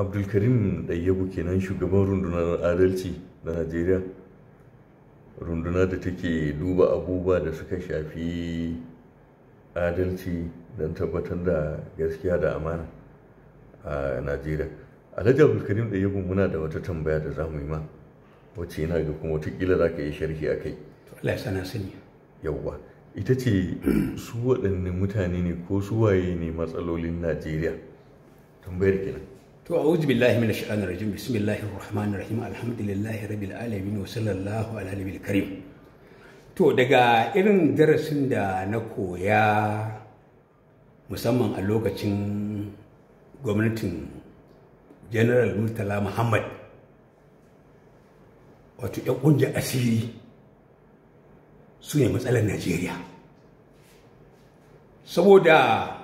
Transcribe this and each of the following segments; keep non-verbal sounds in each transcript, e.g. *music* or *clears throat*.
abdulkarim ɗayyabu kenan shugaban rundunar adalci na najeriya runduna da take duba abubuwa da suka shafi adalci don tabbatar da gaskiya da amana a najeriya alhaji abdulkarim ɗayyabu muna da wata tambaya da za mu yi ma wacce yana ga kuma watakila za ka yi sharhi a kai Allah ita ce *clears throat* su waɗanne mutane ne ko su waye ne matsalolin najeriya tambayar kenan to a'udhu billahi minash shaitanir rajim bismillahir rahmanir rahim alhamdulillahi rabbil alamin wa sallallahu ala nabiyil karim to daga irin darasin da na koya musamman a lokacin gwamnatin general murtala muhammad wato ya ƙungiyar asiri su ne matsalar najeriya saboda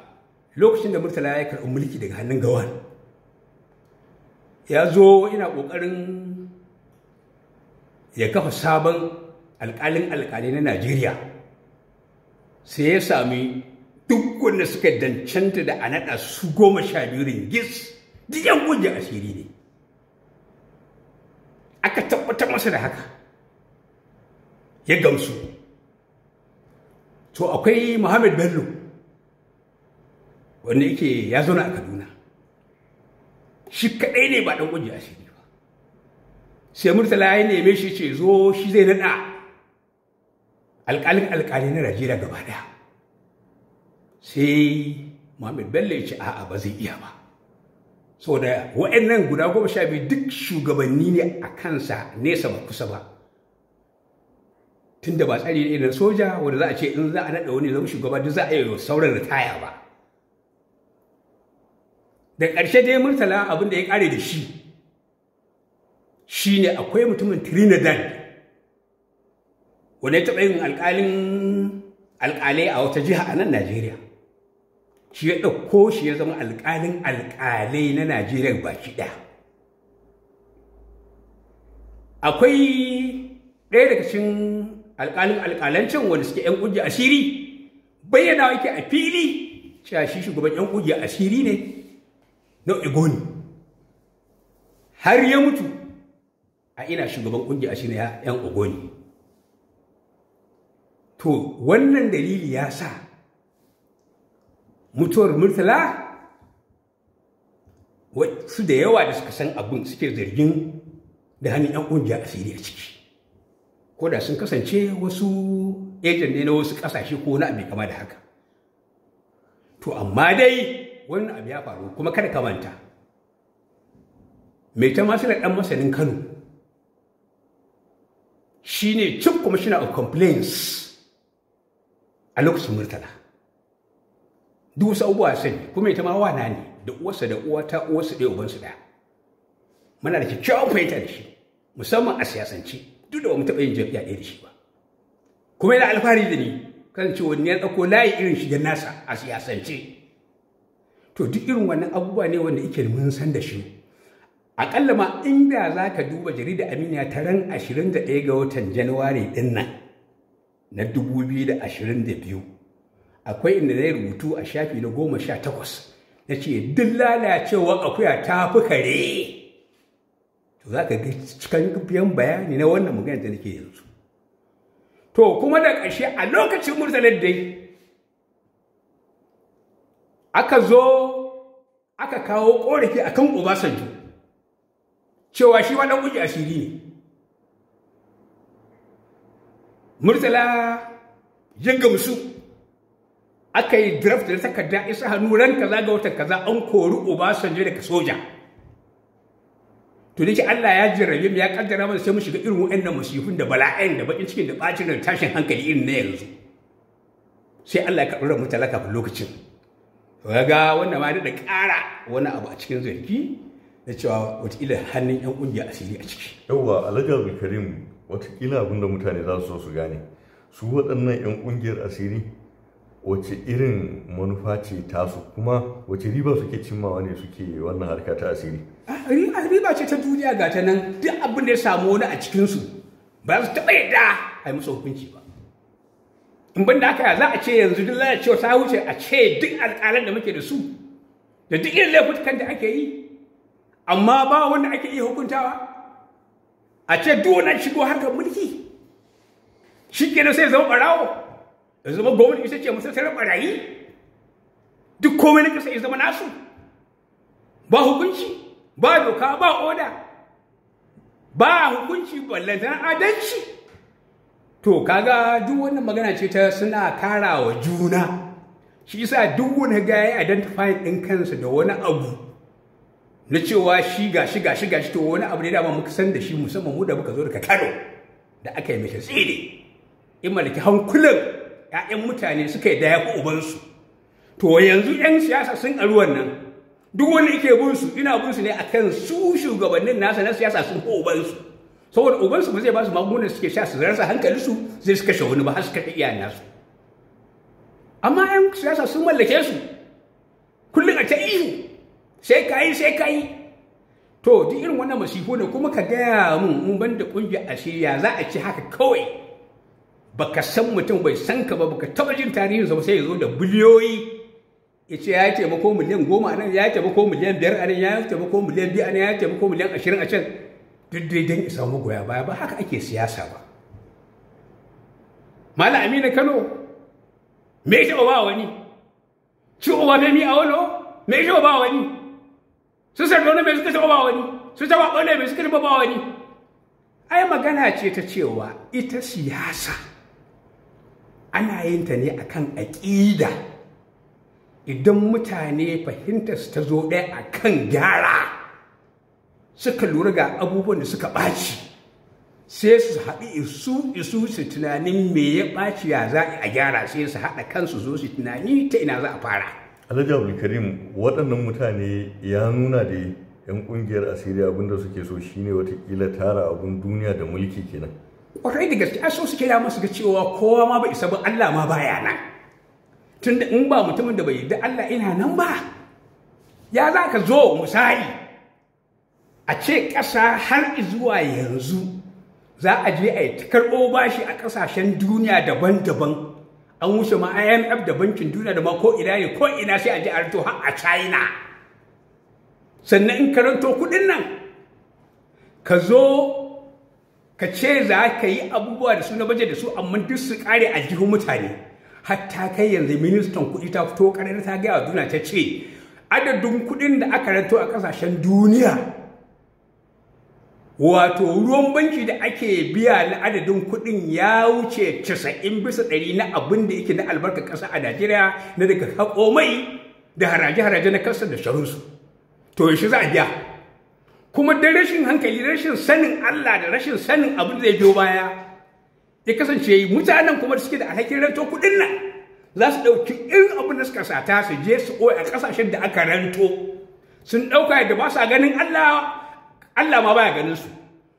lokacin da murtala ya karɓi mulki daga hannun gawan ya zo ina ƙoƙarin ya kafa sabon alƙalin alkali na najeriya sai ya sami duk wanda suka dancanta da a naɗa su goma sha biyu ringis diyan yan asiri ne aka tabbatar masa da haka ya gamsu to akwai muhammad bello wanda yake ya zauna a kaduna shi kaɗai ne ba ɗan ƙungiya shi ne ba sai murtala ya neme shi ce zo shi zai naɗa alƙalin alƙali na rajira gaba daya sai muhammad bello ya ce a'a ba zai iya ba saboda wa'annan guda goma sha biyu duk shugabanni ne a kansa nesa ba kusa ba tunda ba tsari ne soja wanda za a ce in za a naɗa wani zama shugaba duk za a yi sauran ritaya ba da ƙarshe dai murtala abin da ya ƙare da shi shine akwai mutumin trinidad wanda ya taɓa yin alƙalin alƙalai a wata jiha a nan najeriya shi ya ɗauko shi ya zama alƙalin alƙalai na najeriya baki ɗaya akwai ɗaya daga cikin alƙalin alƙalancin wanda suke 'yan ƙungiyar asiri bayyana wake a fili cewa shi shugaban 'yan ƙungiyar asiri ne na egoni har ya mutu a ina shugaban kungiya shi ne yan ogoni to wannan dalili ya sa mutuwar murtala su da yawa da suka san abin suke zargin da hannun yan kungiya asiri a ciki ko da sun kasance wasu ejen ne na wasu kasashe ko na abu kama da haka to amma dai wannan abu ya faru kuma kada ka manta mai ta masu ɗan masanin kano shi ne chief commissioner of complaints a lokacin murtala duk wasu abubuwa sani kuma ita ma wana ne da uwarsa da uwata uwarsa ɗaya ubansu ɗaya muna da kyakkyawan fahimta da shi musamman a siyasance duk da ba mu taɓa yin jam'iyya ɗaya da shi ba kuma yana alfahari da ni kan cewa ni ya ɗauko layi irin shigar nasa a siyasance to duk irin wannan abubuwa ne wanda ike mun san da shi akalla ma inda za ka duba jarida aminiya ta ran 21 ga watan januwari din nan na 2022 akwai inda zai rubutu a shafi na 18 na ce duk lalacewa akuya ta fi kare to za ka ga biyan bayani na wannan magana da nake yanzu to kuma da ƙarshe a lokacin murtalar dai aka zo aka kawo ƙorafi a kan Obasanjo cewa shi wannan kuji asiri ne Murtala ya musu, aka yi draft da takarda isa hannu ran kaza ga wata kaza an kori Obasanjo daga soja to ki Allah ya jarrabe mu ya kaddara mana sai mu shiga irin wannan masifin da bala'in da bakin cikin da bacin da tashin hankali irin na yanzu sai Allah ya karɓi mu talaka a lokacin ga wannan ma da ƙara wani abu a cikin zargi da cewa watakila hannun 'yan ƙungiya asiri a ciki alaga alhaji karim watakila abin da mutane za su so su gane su waɗannan 'yan ƙungiyar asiri wace irin manufa ce tasu kuma wace riba suke cimmawa ne suke wannan harka ta asiri ah, riba ce ta duniya ga ta nan duk abin da ya samu wani a cikinsu ba su taɓa yadda a yi musu hukunci ba in ban da haka za a ce yanzu duk lalacewa ta wuce a ce duk alƙalan da muke da su da duk irin laifukan da ake yi amma ba wanda ake iya hukuntawa a ce duk wani shigo harkar mulki shi kenan sai zama barawo ya zama gwamnati ita ce masassarar ɓarayi duk komai na kasa ya zama nasu ba hukunci ba doka ba oda ba hukunci ballantana adalci to kaga duk wannan magana ce ta suna kara wa juna shi yasa duk wani ga ya identify din kansa da wani abu na cewa shi ga shi ga shi ga shi to wani abu ne da muka san da shi musamman mu da muka zo daga Kano da aka yi mishi tsire in malaki hankulan yayan mutane suka yi da ya ubansu to yanzu yan siyasa sun ƙaru wannan duk wani yake bin su ina bin su ne akan su shugabannin nasa na siyasa sun ko ubansu saboda ubansu ba zai ba su magungunan suke sha su rasa hankalinsu zai su kashe wani ba har su kashe iya nasu amma yan siyasa sun mallake su kullum a ta ihu sai ka yi sai ka yi to duk irin wannan masifo ne kuma ka gaya mun in ban da kungiyar ya za a ci haka kawai baka san mutum bai san ka ba baka taba jin tarihin ba sai ya zo da biliyoyi ya ce ya taimako miliyan goma a nan ya taimako miliyan biyar a nan ya taimako miliyan biyu a nan ya taimako miliyan ashirin a can duk dai don isa goya baya ba haka ake siyasa ba mala amina kano me ya ba wani ci uba mai mi a wani me ya ba wani su sardauna mai suka taɓa ba wani su taɓa wani mai suka taɓa ba wani ai magana ce ta cewa ita siyasa ana yin ta ne akan aƙida idan mutane fahimtar su ta zo ɗaya akan gyara suka lura ga abubuwan da suka ɓaci sai su haɗu isu isu su tunanin me ya ɓaci ya za a gyara sai su haɗa kansu zo su tunani ta ina za a fara alhaji karim waɗannan mutane ya nuna da yan ƙungiyar asiri abin da suke so shine watakila tara abun duniya da mulki kenan kwarai da gaske so suke da masu ga cewa kowa ma bai isa ba allah ma baya nan tunda in ba mutumin da bai da allah ina nan ba ya za ka zo misali a ce ƙasa har zuwa yanzu za a je a yi ta karɓo bashi a ƙasashen duniya daban-daban an wuce ma imf da bankin duniya da ma ko ina ne ko ina sai a je a rato har a china sannan in karanto kuɗin nan ka zo ka ce za ka yi abubuwa da su na baje da su amma duk su kare a jihun mutane hatta kai yanzu ministan kuɗi ta fito ƙarar ta gaya wa duniya ta ce adadin kuɗin da aka ranto a ƙasashen duniya wato ruwan banki da ake biya na adadin kuɗin ya wuce casa'in bisa ɗari na abin da yake na albarka ƙasa a najeriya na daga haƙo mai da haraje-haraje na kasa da sharunsu. to yaushe za a biya kuma da rashin hankali rashin sanin allah da rashin sanin abin da ya biyo baya ya kasance mutanen kuma suke da alhakin ranto kuɗin nan za su ɗauki irin abin da suka sata su je su ɓoye a ƙasashen da aka ranto sun ɗauka yadda ba sa ganin allah Allah ma baya ganin su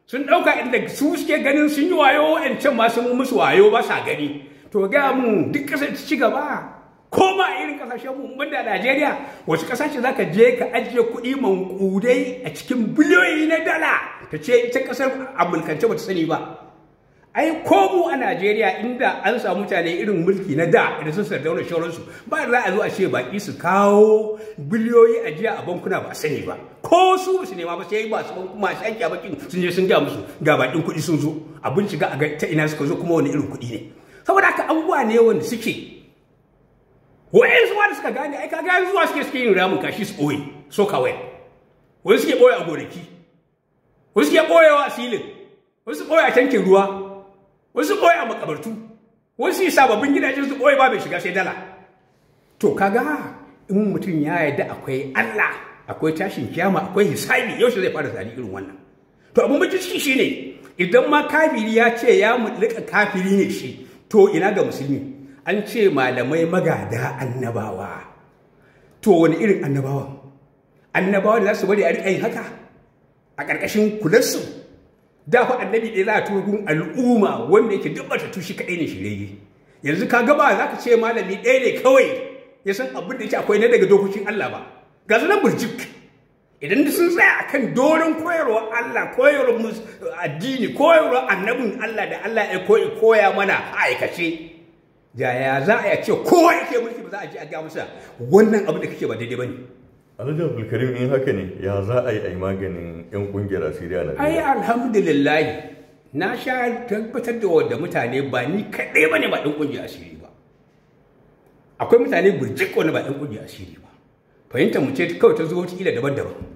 sun ɗauka inda su suke ganin sun yi wayo can ma sun musu wayo ba sa gani to ga mu duk ƙasar ci gaba ko ma irin ƙasashen mu mun da Najeriya wasu ƙasashe zaka je ka ajiye kuɗi manƙudai a cikin biliyoyi na dala ta ce ita ƙasar Amurkance ba ta sani ba ai ko mu a Najeriya inda an samu mutane irin mulki na da da sun sardauna su ba da za a zo a ce baki su kawo biliyoyi a jiya a bankuna ba sani ba ko su su nema ba sai ba su masu aiki a bakin sun je sun ga musu ga bakin kuɗi sun zo a bincika a ga ta ina suka zo kuma wani irin kuɗi ne saboda haka abubuwa ne wanda suke wai zuwa da suka gane ai kaga yanzu zuwa suke suke yin ramin kashi su ɓoye so kawai wani suke ɓoye a gonaki wai suke ɓoyewa a filin su ɓoye a tankin ruwa wasu ɓoye a makabartu wasu yi sababbin gidajen su ɓoye ba bai shiga sai dala to kaga in mutum ya yarda akwai Allah akwai tashin kiyama akwai hisabi yaushe zai fara tsari irin wannan to abin bakin ciki shine idan ma kafiri ya ce ya mutlaka kafiri ne shi to ina ga musulmi an ce malamai magada annabawa to wani irin annabawa annabawa da za su bari a riƙa yin haka a ƙarƙashin kularsu da fa annabi ɗaya za a turo gun al'umma wanda yake duk bata tushi kaɗai ne shirye yanzu ka gaba za ka ce malami ɗaya ne kawai ya san abin da yake akwai na daga dokokin Allah ba ga su nan burjik idan sun tsaya akan doron koyarwa Allah koyarwar uh, addini koyarwar annabin Allah da Allah ya koya mana a aikace yaya za a ce ko yake mulki ba za a ji a ga musa? wannan abin da kake ba daidai ba ne alhaji abdulkarim in haka ne ya za a yi a maganin yan kungiyar asiriya na ai alhamdulillahi na sha tabbatar da wadda mutane ba ni kaɗai ba ne ba ɗan kungiyar asiri ba akwai mutane burjik wani ba ɗan kungiyar asiri ba fahimtar mu ce kawai ta zo wata daban-daban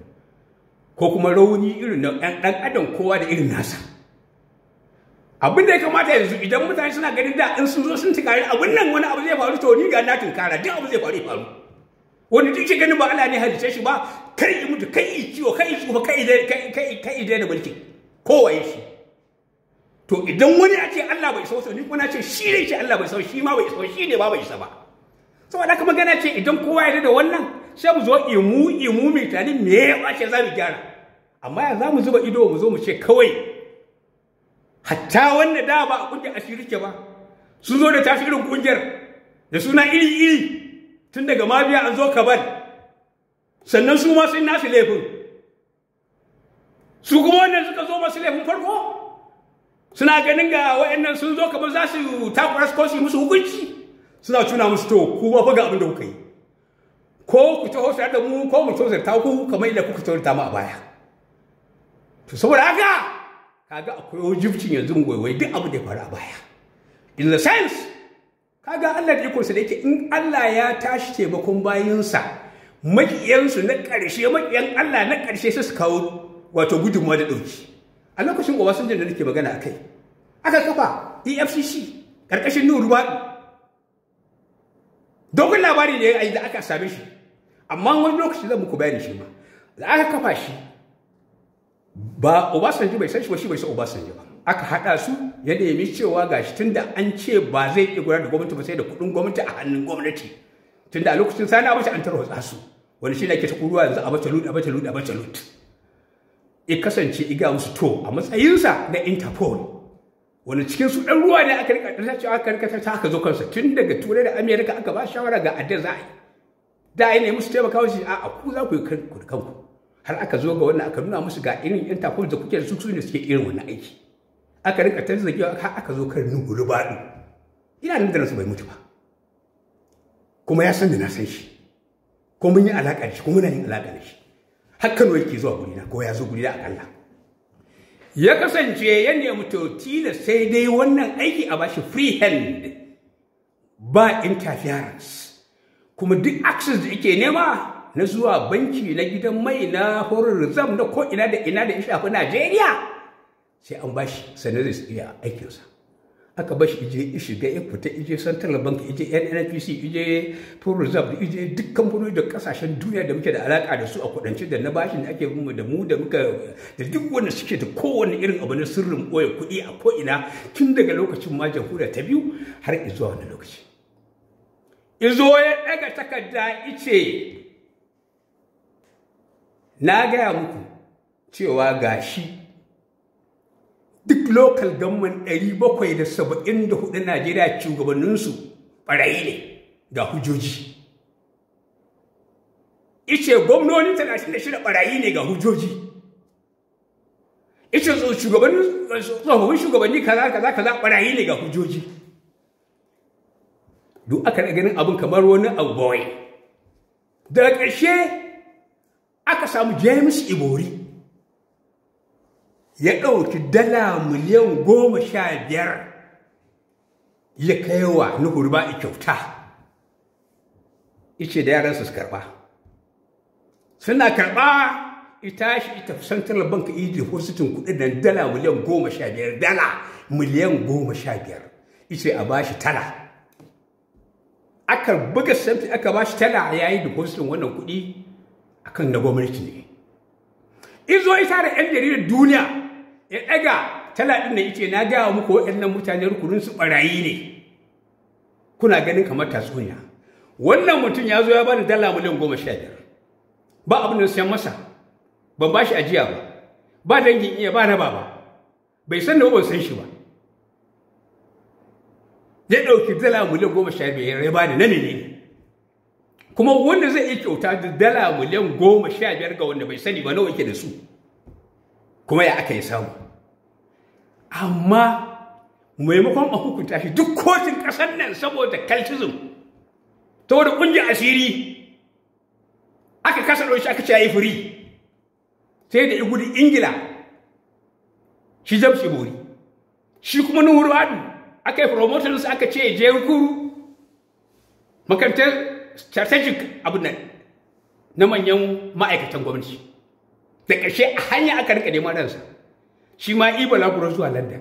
ko kuma rauni irin na ɗan adam kowa da irin nasa abin da ya kamata yanzu idan mutane suna ganin da in sun zo sun tukari abin nan wani abu zai faru to ni ga na tunkara duk abu zai faru ya faru wani duk shi ganin ba Allah ne halitta shi ba kai yi mutu kai yi ciwo kai yi tsufa kai yi kai yi daina mulki kowa yi shi to idan wani ya ce Allah bai sausa ni kuma na ce shi ne ce Allah bai sausa shi ma bai sausa shi ne ba bai isa ba saboda haka magana ce idan kowa ya da wannan sai mu zo imu imu mai tani me ya ce za mu gyara amma ya za mu zuba ido mu zo mu ce kawai hatta wanda da ba a kungiyar asiri ke ba sun zo da tasirin kungiyar da suna iri-iri tun daga mabiya an zo kabar sannan su ma sun nasu laifin su kuma wannan suka zo masu laifin farko suna ganin ga wa'annan sun zo kabar za su takura su musu hukunci suna cuna musu to ku ba ga abin da kuka yi ko ku taho da mu ko mu tozar ta ku kamar yadda kuka taho ta mu a baya to saboda haka kaga akwai wajibcin yanzu mu waiwai duk abu da ya faru a baya in the sense kaga Allah da ikonsa da yake in Allah ya tashi taimakon bayinsa makiyansu na ƙarshe makiyan Allah na ƙarshe sai su kawo wato gudunmawa da ɗauki a lokacin Obasanjo da nake magana a kai aka kafa EFCC ƙarƙashin nuru baɗi. dogon labari ne a da aka same shi amma wani lokaci zan muku bayani shi ma da aka kafa shi ba Obasanjo bai san shi ba shi bai san Obasanjo ba aka haɗa su ya nemi cewa gashi da an ce ba zai iya gudanar da gwamnati ba sai da kuɗin gwamnati a hannun gwamnati tun da a lokacin sani abace an tarwatsa su wani shi ne ake ta kuruwa yanzu abace lut abace lut abace lut ya kasance iga musu to a matsayinsa na interpol wani cikin su ɗan ruwa ne aka rika cewa aka rika ta aka zo kansa tun daga turai da amerika aka ba shawara ga adda za a yi da ya nemi su taimaka shi a ku za ku yi kanku har aka zo ga wannan aka nuna musu ga irin yan da kuke da su ne suke irin wani aiki aka rinka tarzagewa har aka zo kan nuhu rubaɗu ina nan da nasu bai mutu ba kuma ya san da na san shi ko mun yi alaƙa da shi ko muna yin alaƙa da shi har Kano yake zuwa na ko ya zo gurina akalla ya kasance ya nemi to tila sai dai wannan aiki a bashi free hand ba interference kuma duk access da yake nema na zuwa banki na gidan mai na horar rizam na ko ina da ina da ya shafi Najeriya sai an bashi shi zai iya aikinsa aka bashi ije ya shiga ya fita ije central bank ije nnpc ije full reserve ije duk kamfanoni da kasashen duniya da muke da alaka da su a kudance da na bashin da ake mu da mu da muka da duk wanda suke da kowane irin abu na sirrin boye kuɗi a ko'ina tun daga lokacin ma jamhuriya ta biyu har zuwa wani lokaci izo ya ɗaga takarda ice na gaya muku cewa ga shi duk local government hudu Najeriya shugabanninsu ɓarayi ne ga hujjoji. Ice gwamnoni 36 ɓarayi ne ga hujjoji. Ice shugabannin tsofaffin shugabanni kaza kaza kaza ɓarayi ne ga hujjoji. Duk aka ganin abin kamar wani abu bawai. Daga ƙarshe aka samu James Ibori. ya ɗauki dala miliyan goma sha biyar ya kai wa nuhuru ba kyauta ice da yaran su karɓa suna karɓa ita shi ita fusantar banka yi depositin kuɗi da dala miliyan goma sha biyar dala miliyan goma sha biyar ice a bashi tala aka buga samfi aka bashi tala yayi depositin wannan kuɗi akan na gwamnati ne izo ita da 'yan jaridar duniya ya ɗaga tala ɗin da yake na gaya muku waɗannan mutane rukunin su ɓarayi ne kuna ganin kamar tatsuniya wannan mutum ya zo ya bani dala miliyan goma sha biyar ba abin da siyan masa ban ba shi ajiya ba ba dangin iya ba raba ba bai san da ban san shi ba ya ɗauki dala miliyan goma sha biyar ya bani na ne kuma wanda zai iya kyauta da dala miliyan goma sha biyar ga wanda bai sani ba nawa yake da su kuma ya aka yi samu amma maimakon a hukunta shi duk kotun ƙasar nan saboda kaltizm ta wadda ƙungiyar asiri aka kasa ɗauki aka ce ya yi firi sai da igudu ingila shi jamsi bori shi kuma nuhuru adu aka yi promotions aka ce je kuru makarantar strategic abu na manyan ma'aikatan gwamnati da ƙashe a hanya aka rika neman ransa shi ma iba lagura zuwa london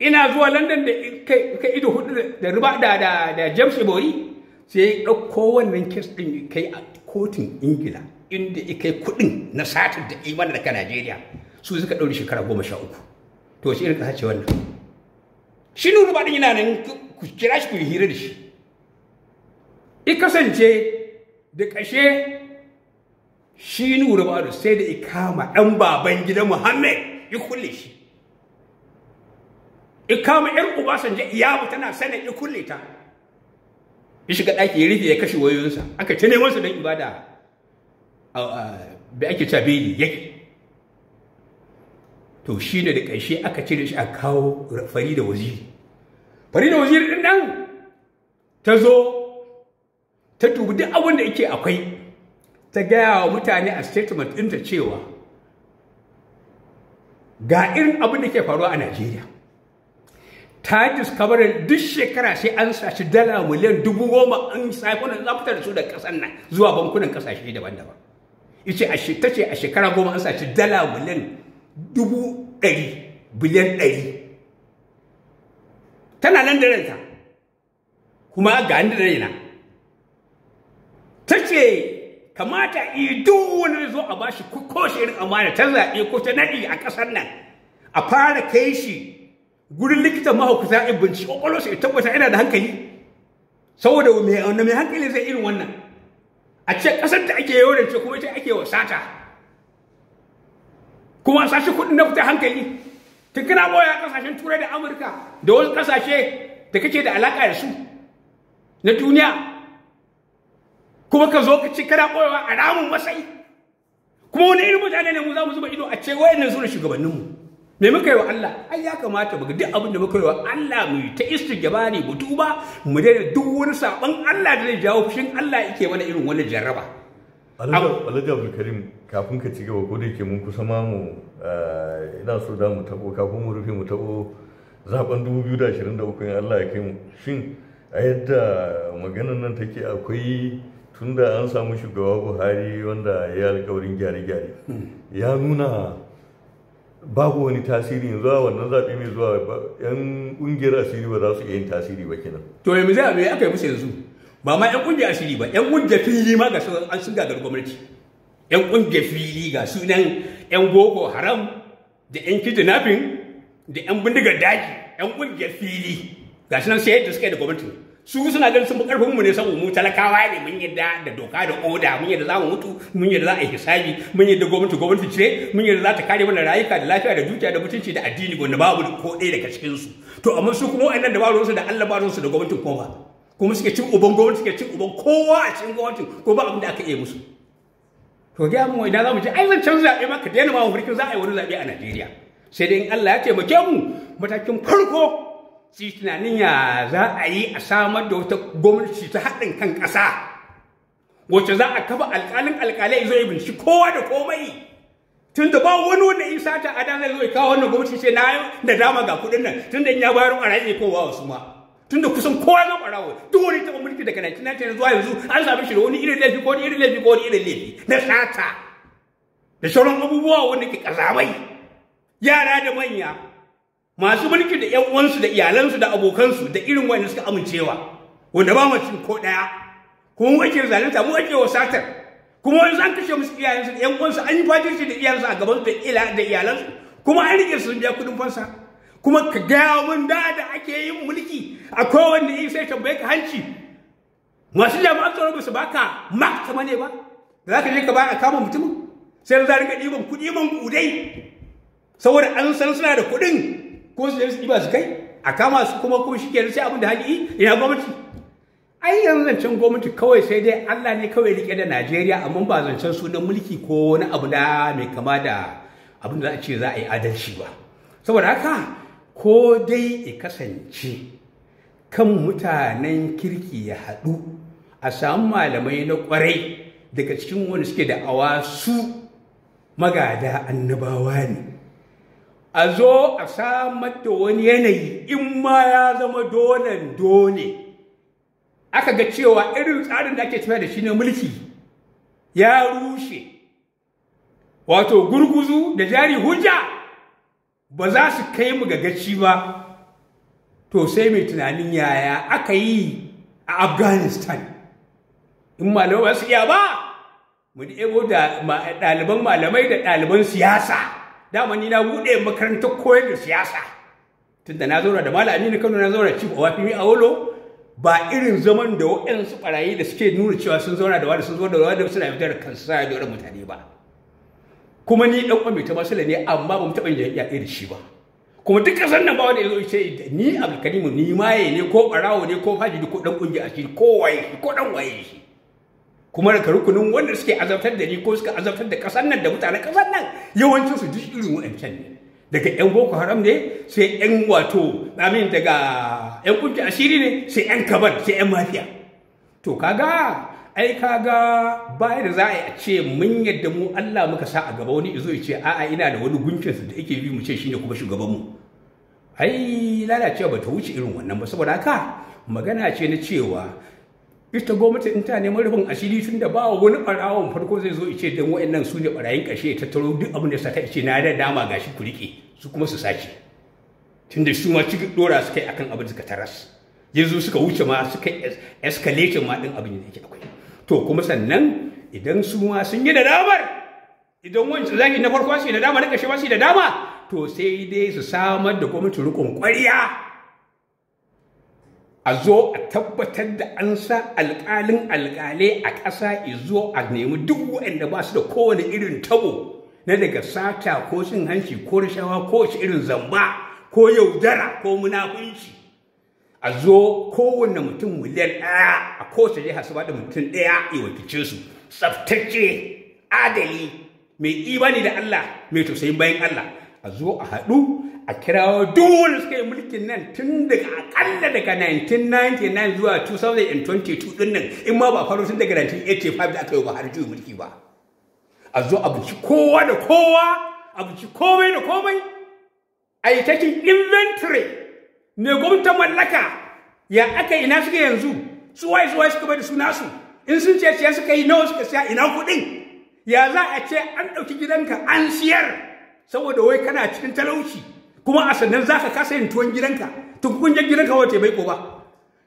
ina zuwa london da kai ido hudu da riba da james ibori sai ya ɗauko wannan kes ɗin kai a kotun ingila inda ya kai kuɗin na satin da imanin daga najeriya su suka ɗauri shekara goma sha uku to shi irin kasance wannan shi nuna ba ɗin yana nan ku kira shi ku yi hira da shi i kasance da ƙashe shi ba da sai da ikama ɗan baban gidan muhammad ya kulle shi ikama yar ya iyamu tana sana ya kulle ta ya shiga ɗaki ya rufe ya kashe wayoyinsa aka ci neman su ibada. ibada bai ake ta beli yake to shi ne da ƙarshe aka cire shi a kawo farida waziri farida waziri ɗin nan ta zo ta dubi duk abin da yake akwai ta gaya wa mutane a statement ɗinta cewa ga irin abin da ke faruwa a Najeriya. Ta discover duk shekara sai an sashi dala miliyan dubu goma an saifon za da su da kasan nan zuwa bankunan kasashe daban-daban. ita ta ce a shekara goma an sashi dala miliyan dubu ɗari biliyan ɗari. Tana nan da ranta kuma ga da raina. Ta ce kamata iya duk wani zai zo a bashi ko shi irin amana ta zaɓe ko ta naɗi a ƙasar nan a fara kai shi gurin likitan mahaukata in bincike ƙwaƙwalwar shi tabbata yana da hankali saboda wanda mai hankali zai irin wannan a ce ƙasar ta ake yawon ce kuma ita ake wasata kuma a sashi kuɗin na fita hankali ta kana boya ƙasashen turai da amurka da wasu ƙasashe da kake da alaƙa da su na duniya kuma ka zo ka ci kana koyawa a ramun masai kuma wani irin mutane ne mu za mu zuba ido a ce wayannan su shugabannin shugabanninmu me muka yi wa Allah ai ya kamata mu duk abin da muka yi wa Allah mu ta istigbari mu tuba mu daina duk wani sabon Allah da zai jawo fushin Allah yake mana irin wani jarraba Alhaji karim kafin ka ci gaba ko da yake mun kusa ma mu eh, ina so da mu tabo kafin mu rufe mu tabo zaben 2023 in Allah ya kai mu shin a yadda maganar nan take akwai tun da an samu shugaba buhari wanda ya alkawarin gyare-gyare hmm. ya nuna babu wani tasiri yanzu a wannan zaɓe mai zuwa yan ƙungiyar asiri ba za su iya yin tasiri ba kenan to yanzu zai ya aka yi musu yanzu ba ma yan ƙungiyar asiri ba yan ƙungiyar fili ma ga an shiga gagar gwamnati yan ƙungiyar fili ga sunan yan boko haram da yan kidnapping da yan bindigar daji yan ƙungiyar fili ga sunan sai yadda suka yi da gwamnati su suna ganin sun fi karfin mu ne saboda mu talakawa ne mun yadda da doka da oda mun yadda za mu mutu mun yadda za a yi hisabi mun yadda gwamnati gwamnati ce mun yadda za ta kare mana rayuka da lafiya da dukiya da mutunci da addini wanda babu ko ɗaya daga cikin su to amma su kuma wa'annan da babu su da Allah babu su da gwamnatin kowa. kuma suke cin uban gwamnati suke cin uban kowa a cikin gwamnati. ko ba abin da aka iya musu to ga mu idan za mu je ai zan canza zaɓe maka ka daina ma mafarkin za a yi wani zabe a Najeriya sai dai in Allah ya ke mu matakin farko su tunanin ya za a yi a samar da wata gwamnati ta haɗin kan ƙasa wacce za a kafa alƙalin alƙalai zai binci kowa da komai tun da ba wani wanda in sata a danar zai kawo wannan gwamnati ce na da dama ga kuɗin nan tun da in ya bayar a ranar kowa wasu ma tun da kusan kowa zan ɓarawo duk wani taɓa mulki daga 1999 zuwa yanzu an sami shi da wani irin laifi ko wani irin laifi ko wani irin laifi na sata da sauran abubuwa wanda ke ƙazamai yara da manya masu mulki da ƴan uwansu da iyalansu da abokansu da irin wanda suka amincewa wanda ba mu ko daya kuma mu ake zalunta mu ake wasatar kuma wani an kashe musu iyalansu da ƴan uwansu an yi fatirci da iyalansu a gaban da ila da iyalansu kuma an rike su biya kudin fansa kuma ka gaya mun da da ake yin mulki a kowanne yi sai tambaye ka hanci masu jama'a tsaro ba su baka makta ne ba da za ka je ka ba a kama mutumin sai za rika ɗiban kuɗi man kudai saboda an san suna da kuɗin ko su su ba su kai a kama su kuma kuma shi ke sai abin da haƙi ina gwamnati ai yanzu zancen gwamnati kawai sai dai Allah ne kawai rike da Najeriya amma ba zancen sunan mulki ko wani abu da mai kama da abin da za a ce za a yi adalci ba saboda haka ko dai ya kasance kan mutanen kirki ya haɗu a samu malamai na ƙwarai daga cikin wani suke da awa su magada annabawa ne a zo a samar da wani yanayi in ma ya zama dolen dole aka ga cewa irin tsarin da ake tafiya da shi na mulki ya rushe wato gurguzu da jari hujja ba za su kai mu gaci ba to sai mai tunanin yaya aka yi a afghanistan in malamai ba su iya ba mu ɗaliban malamai da ɗaliban siyasa dama ni na buɗe makarantar koyar da siyasa tunda na zauna da malami aminu kano na zauna chief a wolo. ba irin zaman da waɗansu ɓarayi da suke nuna cewa sun zauna da wani sun zo da wani suna fitar da kansu sa da wani mutane ba kuma ni ɗan ƙwami ta masala ne amma ba mu taɓa yin yaƙi da shi ba kuma duk ƙasar nan ba wanda ya ce ni abdulkarimu ni maye ne ko ɓarawo ne ko fajiri ko ɗan ƙungiya a shi ko waye ko ɗan waye shi kuma daga rukunin wanda suke azabtar da ni ko suka azabtar da ƙasar nan da mutane ƙasar nan yawancin su duk irin wa'ancan ne daga yan boko haram ne sai yan wato amin daga yan kunci asiri ne sai yan kabar sai yan mafiya to kaga ai kaga baya da za a yi ce mun yadda mu Allah muka sa a gaba wani izo ya ce a'a ina da wani su da yake bi mu ce shine kuma shugaban mu ai lalacewa ba ta wuce irin wannan ba saboda haka magana ce na cewa ita gwamnati in ta neman rufin asiri tun da ba wani ɓarawon farko zai zo ice don wa'annan su ne ɓarayin ƙashe ta taro duk abin da sa ce na da dama gashi ku riƙe su kuma su sace tun da su ma ciki ɗora suka kai akan abin suka taras yanzu suka wuce ma su kai escalation ma ɗin abin da yake akwai to kuma sannan idan su ma sun yi da damar idan wancan zaki na farko shi da dama na ƙarshe ba shi da dama to sai dai su samar da gwamnati rukun ƙwarya a zo a tabbatar da an sa alƙalin alƙale a ƙasa zo a nemi duk waɗanda ba su da kowane irin tabo na daga sata ko cin hanci ko rashawa ko shi irin zamba ko yaudara ko munafunci a zo kowane mutum miliyan ɗaya a kowace jiha su da mutum ɗaya ya wakice su tsaftace adali mai imani da Allah mai tausayin bayan Allah a zo a haɗu a kirawo duk wanda suka yi mulkin nan tun daga akalla daga 1999 zuwa 2022 din nan in ma ba faru tun daga 1985 da aka yi ba har juyi mulki ba a zo a buci kowa da kowa a buci komai da komai a yi takin inventory ne gwamnatin mallaka ya aka ina suka yanzu suwaye suwaye suka bari suna su in sun ce ce suka yi nawa suka siya ina kuɗin ya za a ce an ɗauki gidanka an siyar saboda wai kana cikin talauci kuma a sannan za ka kasa yin tuwon gidanka to kukun je gidanka wace ya ko ba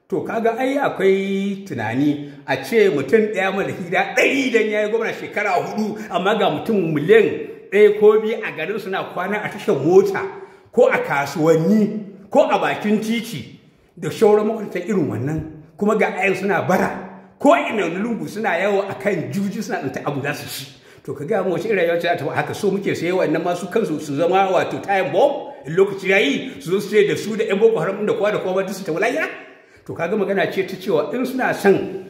to kaga ai akwai tunani a ce mutum ɗaya mana hira ɗari ya yi gwamna shekara hudu amma ga mutum miliyan ɗaya ko biyu a garin suna kwana a tashar mota ko a kasuwanni ko a bakin titi da shauran makwabtan irin wannan kuma ga ayan suna bara ko ina lungu suna yawo a kan juji suna tsinta abu za su ci to ka ga mu wace irin rayuwa za ta haka so muke sai wa'annan masu kansu su zama wato time bomb lokaci yayi su zo su ce da su da yan boko haram da kowa da kowa duk su ta lahira to kaga magana ce ta cewa in suna son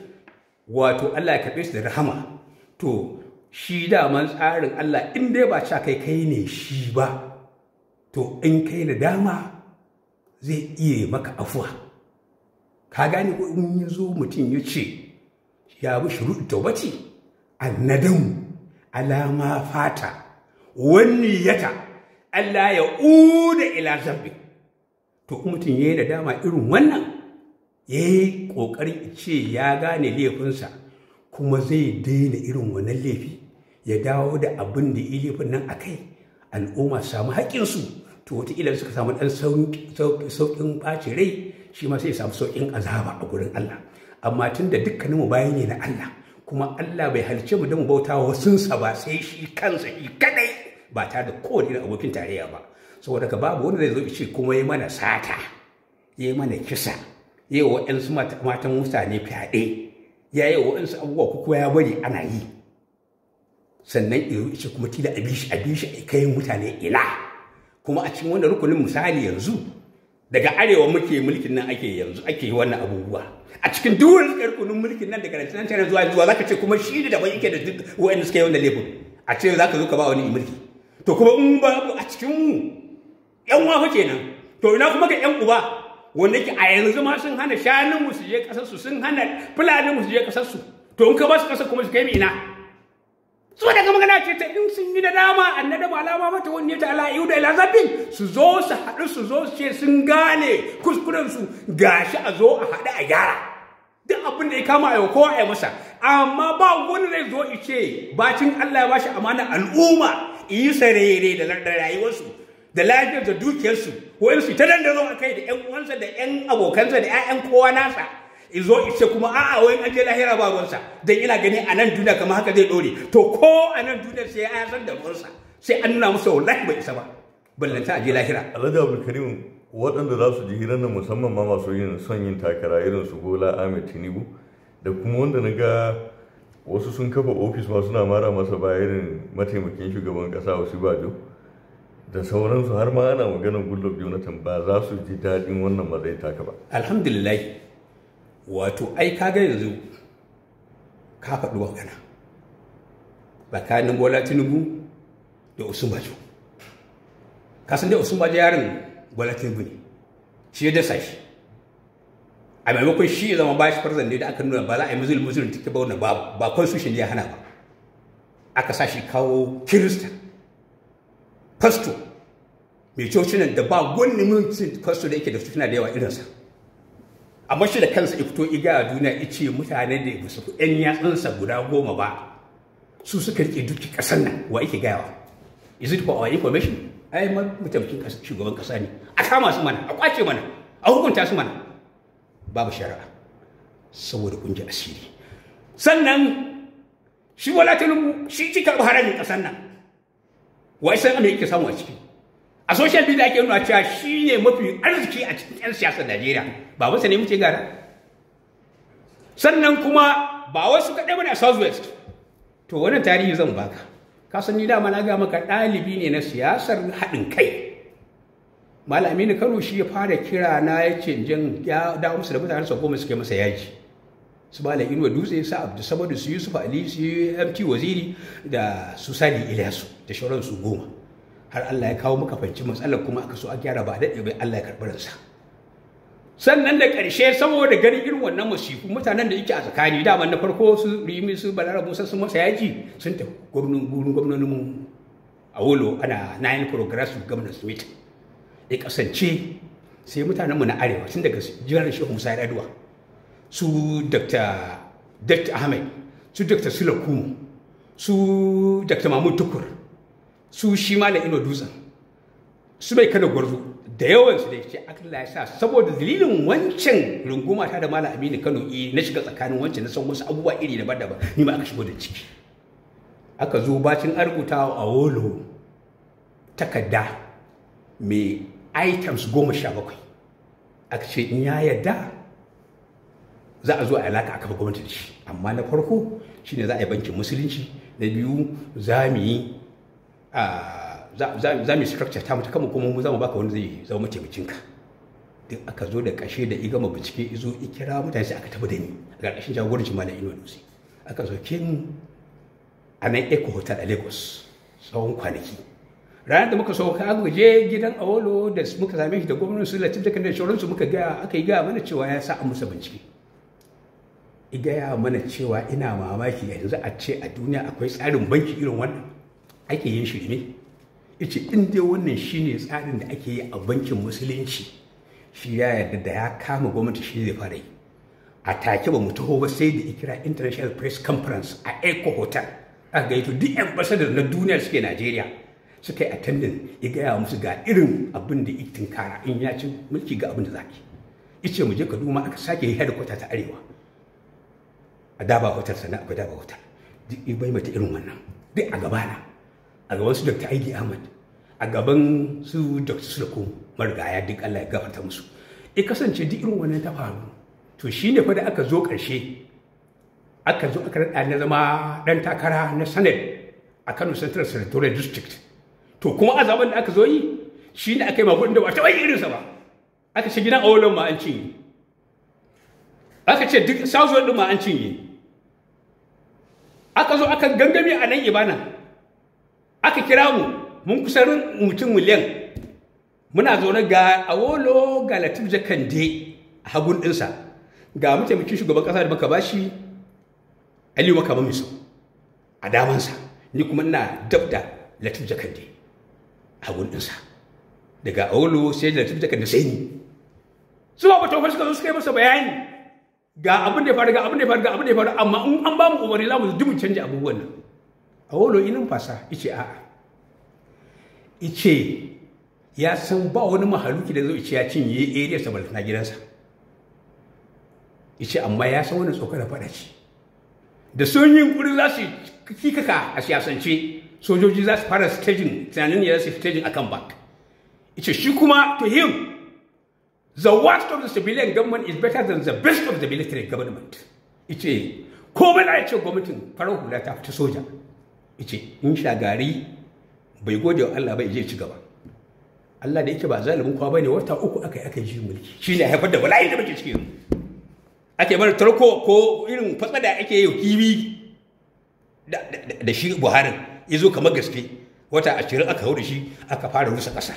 wato Allah ya su da rahama to shi daman tsarin Allah in dai ba sha kai kai ne shi ba to in kai na dama zai iya maka afuwa ka gane ko in ya zo mutum ya ce ya bi shuru taubati annadamu alama fata wani yata Allah ya uda ila zambi to mutum yayi da dama irin wannan yayi ƙoƙari ce ya gane laifinsa kuma zai daina irin wannan laifi ya dawo da abin da laifin nan akai al'umma samu haƙƙinsu to wata wataƙila suka samu ɗan sauƙin ɓaci rai shi ma sai samu sauƙin azaba a gurin Allah amma tun da dukkanin mu ne na Allah kuma Allah bai halice mu da mu bauta wa ba sai shi kansa shi kadai ba ta da kowane irin abokin tarayya ba saboda ka babu wanda zai zo ce kuma yi mana sata yi mana kisa yi wa waɗansu matan mutane fyaɗe ya yi wa waɗansu abubuwa ko ya bari ana yi sannan iru ce kuma tila a bishi a bishi a kai mutane ina kuma a cikin wannan rukunin misali yanzu daga arewa muke mulkin nan ake yanzu ake yi wannan abubuwa a cikin duwar rukunin mulkin nan daga nan zuwa zuwa zaka ce kuma shi da daban yake da duk wa'anda suka yi wannan laifin a ce ka zo ka ba wani mulki to kuma in ba a cikin mu yan uwa kenan to ina kuma ga yan uba wanda ke a yanzu ma sun hana shanun mu su je kasar su sun hana fulani mu su je kasar su to in ka ba su kasar kuma su kai mu ina su daga magana ce ta in sun yi da dama annada ba alama mata wanne ta ala yau da ilazabin su zo su haɗu su zo su ce sun gane kuskuren su gashi a zo a haɗu a gyara duk abin da ya kama a yau kowa a masa amma ba wani zai zo ice bacin Allah ya bashi amana al'umma sarere da rayuwarsu da lafiyar da dukiyarsu wa'insu ta dandazo a kai da 'yan uwansa da 'yan abokansa da 'ya'yan kowa nasa izo ce kuma a'a wayan an je lahira ba ruwansa dan ina gani a nan duniya kamar haka zai dore to ko a nan duniya sai ya san da ruwansa sai an nuna musu wallahi bai isa ba ballanta a je lahira Alhaji Abdul Karim waɗanda za su ji hirar nan musamman ma masu yin son yin takara irin su Bola Ahmed Tinubu da kuma wanda na ga wasu sun kafa ofis ma suna mara masa bayanin mataimakin shugaban kasa wasu bajo da sauransu har ma ana maganar goodluck jonathan ba za su ji daɗin wannan matsayi taka ba alhamdulillah wato ai ka ga yanzu ka faɗi magana tsakanin bola tinubu da usman bajo kasan dai usman bajo yaron bola tinubu ne shi ya dasa shi a maimakon shi ya zama bashi farzan ne da aka nuna ba za a yi muzul muzulun take ba wannan ba ba constitution ya hana ba aka sa shi kawo kirista pastor mai cocinan da ba wani mutum pastor da yake da suna da yawa irinsa amma shi da kansa ya fito iga a duniya ya ce mutane da ba su yan yatsunsa guda goma ba su suka rike duki ƙasar nan wa yake gayawa is it for our information ai mutumkin shugaban ƙasa ne a kama su mana a kwace mana a hukunta su mana babu shari'a saboda ji asiri sannan shi wala lumu shi ci karɓi harajin ƙasar nan wai san amma yake samu a ciki a social media ake nuna cewa shi ne mafi arziki a cikin 'yan siyasar najeriya ba wasu ne muke gara sannan kuma ba wasu kaɗai bane a southwest to wannan tarihi zan baka ka san ni dama na ga maka ɗalibi ne na siyasar haɗin kai malami Aminu kano shi ya fara kira na ya ce jin ya dawo musu da mutanen sa goma suke masa yaji su ba inuwa dutse su abdu samadu su yusuf ali su mt waziri da su sani ilyasu da shauran su goma har allah ya kawo maka fanci matsalar kuma aka so a gyara ba daɗe bai allah ya karɓi sannan da ƙarshe saboda ganin irin wannan masifu mutanen da yake a tsakani dama na farko su rimi su balara musa sun masa yaji sun tafi gwamnonin mu. a wolo ana nine progressive governance meeting ya kasance sai mutanen mu na arewa tun daga jiran shehu musa yaduwa su dr dr ahmed su dr sula su dr mahmud tukur su shi na ino dutsen su bai kada gwarzo da yawan su da ya ce akalla ya sa saboda dalilin wancan runguma ta da mala aminu kano i na shiga tsakanin wancan na san wasu abubuwa iri daban-daban ni ma aka shigo da ciki aka zo bacin a rubuta a wolo takarda mai items goma sha bakwai a ce in ya yadda za a zo a alaka aka kafa gwamnati da shi amma na farko shine za a yi bankin musulunci na biyu za mu yi za mu structure ta mutu kama kuma mu za mu baka wanda zai zama mataimakinka duk aka zo da kashe da igama bincike izo ikira mutane sai aka tafi da ni a ƙarƙashin shi malam inuwa dutse aka zo kin a nan eco hotel a lagos tsawon kwanaki ranar da muka sauka aka je gidan awolo da muka same shi da gwamnan su latif da kan da muka ga aka yi gaya mana cewa ya sa a musa bincike i gaya mana cewa ina mamaki yanzu a ce a duniya akwai tsarin banki irin wannan ake yin shi ne yace in dai wannan shine tsarin da ake yi a bankin musulunci shi ya yarda da ya kama gwamnati shi zai fara yi a take ba mu taho ba sai da ikira international press conference a eco hotel a gaito duk ambassador na duniya suke najeriya suka yi attending ya gaya musu ga irin abin da ya kara in ya ci mulki ga abin da za ice mu je duma aka sake yi headquarter ta arewa a daba hotel sana akwai daba hotel duk bai mata irin wannan duk a gaba na. a gaban su dr aiki ahmad a gaban su dr sulko marigaya duk allah ya gafarta musu ya kasance duk irin wannan ta faru to shi fa da aka zo karshe aka zo aka raɗa na zama ɗan takara na senate a kano central senatorial district to kuma azaban da aka zo yi shi ne aka yi magudin da ba ta wani irinsa ba aka ce gidan awolon ma an cinye aka ce duk sazuwar ɗin ma an cinye aka zo aka gangami a nan ibana aka kira mu mun kusurin mutum miliyan muna zaune ga awolo ga latif jakande a hagun ɗinsa ga mataimakin shugaban ƙasa da muka bashi aliyu makaman miso a damansa ni kuma ina dabda latif jakande abun ɗinsa daga aulu sai da tafi da sai ni su ba ta suka zo suka yi masa bayani ga abin da ya faru ga abin da ya faru ga abin da ya faru amma in an ba mu umarni za mu ji mu canja abubuwan nan awolo inin fasa ice a'a ice ya san ba wani mahaluki da zai ice ya cinye area sa na gidansa ice amma ya san wani tsokar fada ce da sun yi kuri za su kikaka a siyasance sojoji za su fara staging tunanin ya su staging akan bank ita shi kuma to him the worst of the civilian government is better than the best of the military government ice ko ba na ce gwamnatin farar hula ta fita soja ice in sha gari bai gode wa Allah bai je ci gaba Allah da yake ba zalimin kwa bane wata uku aka yi aka yi mulki shine haifar da bala'i da muke cikin ake mana tarko ko irin fatsada ake yi kibi da shi Buhari ya zo kamar gaske wata ashirin aka hau da shi aka fara rusa ƙasa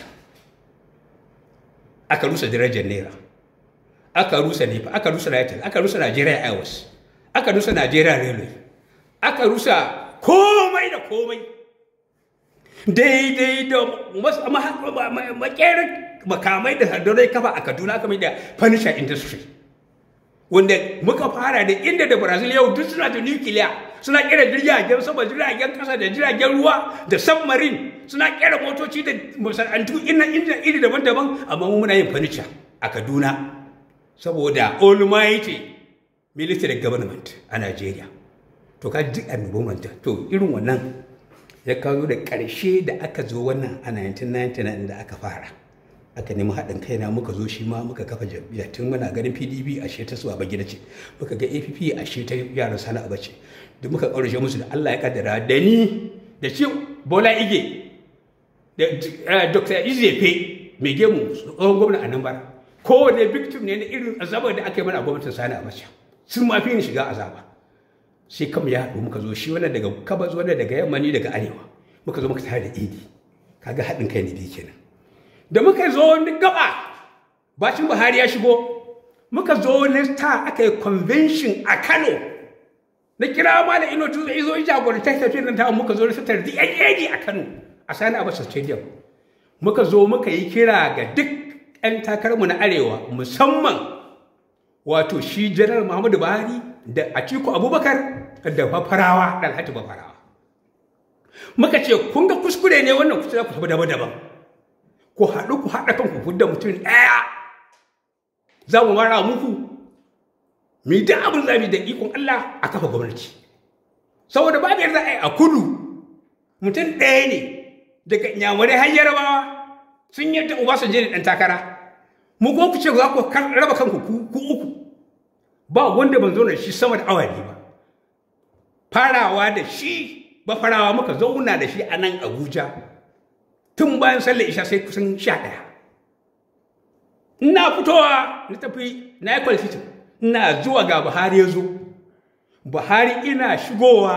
aka rusa darajar naira aka rusa nefa aka rusa nitel aka rusa nigeria airways aka rusa nigeria railway aka rusa komai da komai daidai da makamai da sardarai kafa a kaduna aka mai da furniture industry wanda muka fara da inda da brazil yau duk suna da nukiliya suna kera jiragen sama jiragen kasa da jiragen ruwa da submarine suna kera motoci da masana'antu ina iri daban-daban amma mu muna yin furniture a kaduna saboda almighty military government a nigeria to ka duk annoban to irin wannan ya kawo da ƙarshe da aka zo wannan a 1999 da aka fara aka nemi haɗin kaina muka zo shi ma muka kafa jam'iyya tun muna ganin pdp shi ta suwa ba gida ce muka ga app shi ta yaran sana'a ba ce da muka ƙaurace musu da allah ya kaddara da ni da shi bola ige da eh, dr izefe mai gemu tsohon gwamna a nan bara kowane victim ne na irin azabar da aka yi mana a gwamnatin sana'a ba ce sun ma fi ni shiga azaba sai kam ya haɗu muka zo shi wannan daga kabas wannan daga yamma ni daga arewa muka zo muka tare da idi kaga haɗin kai ne bi kenan da muka zo wani gaba bacin buhari ya shigo muka zo wani ta aka yi convention a kano na kira ma da ino tuzo izo jagorantar tafi nan ta muka zo rasitar dna a kano a sani abu stadium muka zo muka yi kira ga duk 'yan takarmu na arewa musamman wato shi janar muhammadu buhari da atiku abubakar da bafarawa da alhaji bafarawa muka ce kun ga kuskure ne wannan kusa ku daban-daban ku haɗu ku haɗa kanku ku da mutum ɗaya za mu mara muku mu da abin za mu da ikon Allah a kafa gwamnati saboda babu yadda a yi a kudu mutum ɗaya ne daga inyamurai har yarabawa sun yadda uba su je da ɗan takara mu ko ku ce za ku raba kanku ku uku ba wanda ban zo da shi sama da awali ba farawa da shi ba farawa muka zauna da shi a nan Abuja tun bayan sallar isha sai kusan sha ɗaya ina fitowa na tafi na yi kwalifitin ina zuwa ga buhari ya zo buhari ina shigowa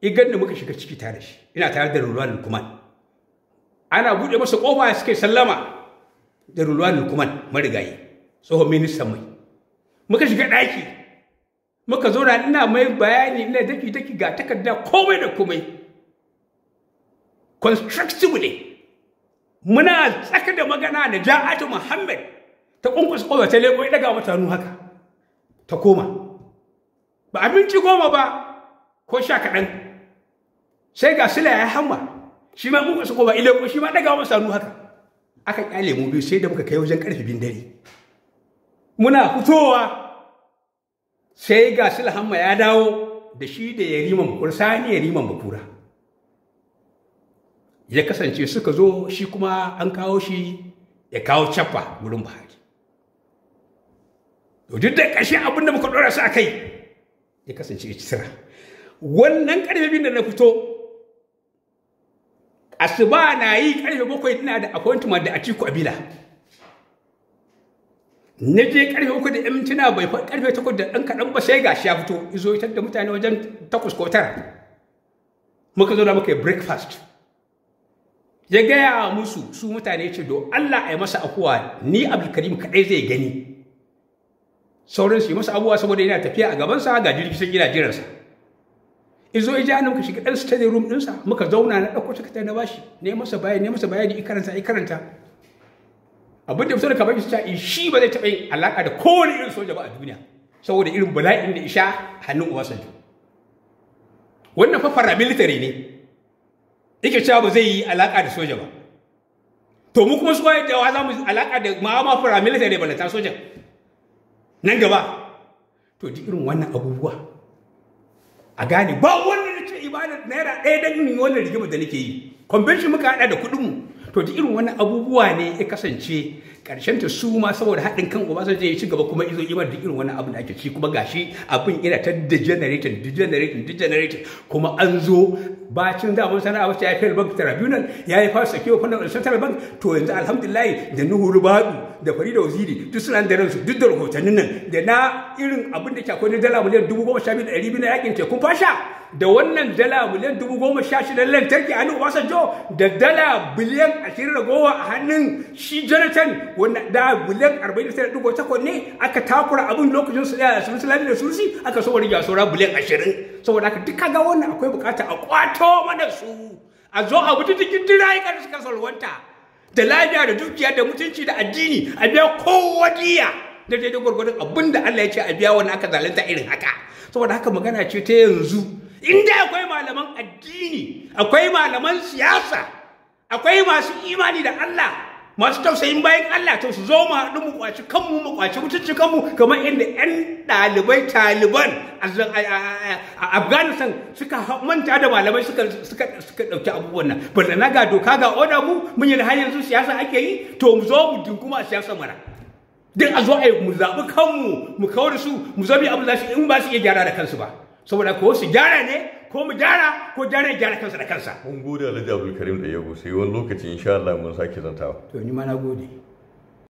igan da muka shiga ciki tare shi ina tare da rulwan lukuman ana buɗe masa ƙofa suke sallama da rulwan lukman marigayi tsohon ministan mai muka shiga ɗaki muka zauna ina mai bayani ina daki daki ga takarda komai da komai constructively muna tsaka da magana da ja'atu muhammad ta kunkus kowa ta leko daga wata nu haka ta koma ba abinci goma ba ko sha kaɗan sai ga sila ya hamma shi ma kunkus kowa ileko shi ma daga wata nu haka aka kyale mu biyu sai da muka kai wajen karfe bin dare muna fitowa sai ga sila hamma ya dawo da shi da yariman kursani yariman bakura ya kasance suka zo shi kuma an kawo shi ya kawo cappa wurin buhari to duk da abin abinda muka ɗora su a kai ya kasance ya cira wannan ƙarfe biyu da na fito asuba na yi ƙarfe bakwai ina da appointment da atiku abila na je ƙarfe uku da ƴan mintuna bai fa ƙarfe takwas da ɗan kaɗan ba sai ga shi ya fito izo ita da mutane wajen takwas ko tara muka zo da muka yi breakfast ya gaya wa musu su mutane ce do Allah a masa akuwa ni abdulkarim kadai zai gani sauran su masa abuwa saboda yana tafiya a gabansa ga jirgin sun gina jiransa izo ija nan ka shiga ɗan study room ɗinsa muka zauna na ɗauko sakatai na bashi ne masa bayani ne masa bayani ikaranta ikaranta abin da mutum ka bai shi shi ba zai taɓa yin alaƙa da kowane irin soja ba a duniya saboda irin bala'in da isha hannun ta. wannan fa paramilitary ne yake cewa ba zai yi alaka da soja ba to mu kuma suwa da za mu alaka da ma'ama fara military balata soja nan gaba to duk irin wannan abubuwa a gane ba wanda da ce ibadar naira ɗaya dan yi wannan rigima da nake yi convention muka haɗa da kuɗinmu to duk irin wannan abubuwa ne ya kasance ƙarshen ta su ma saboda haɗin kan sai ya ci gaba kuma izo imar duk irin wannan abu da ake ci kuma gashi abin ina ta degenerating degenerating degenerating kuma an zo cin da mun sana'a wacce ya fayar bank tribunal ya yi fasa kewa fannin central bank to yanzu alhamdulillahi da nuhu rubadu da farida waziri duk suna da ransu duk da rahotannin nan da na irin abin da kyakwai na dala miliyan dubu goma sha biyu da ɗari biyu na yakin tekun fasha da wannan dala miliyan dubu goma sha shida lantarki a wasan obasanjo da dala biliyan ashirin da goma a hannun shi jonathan wanda da biliyan arba'in da ɗigo takwas ne aka takura abin lokacin su da su musulami da surusi aka so wani gasora biliyan ashirin saboda haka duka ga wannan akwai bukata a kwato mana su a zo a wuce cikin dirayi kan suka salwanta da lafiya da dukiya da mutunci da addini a biya kowa diya da daidai gwargwadon abin da Allah ya ce a biya wani aka zalunta irin haka saboda haka magana ce ta yanzu inda akwai malaman addini akwai malaman siyasa akwai masu imani da Allah masu tausayin bayan Allah to su zo mu haɗu mu kwaci kanmu mu kwaci mutunci kanmu kamar inda ƴan ɗalibai taliban a Afghanistan suka manta da malamai suka suka ɗauki abubuwan nan balla na ga doka ga oda mu mun yi har su siyasa ake yi to mu zo mu dinkuma siyasa mara duk a zo a mu zaɓi kanmu mu kawar su mu zo mu abu za su in ba su iya gyara da kansu ba saboda ko su gyara ne ko mu gyara ko gyara ya gyara kansa da kansa mun gode alhaji abdulkarim da yabo sai wani lokaci insha Allah mun sake zantawa to ni ma na gode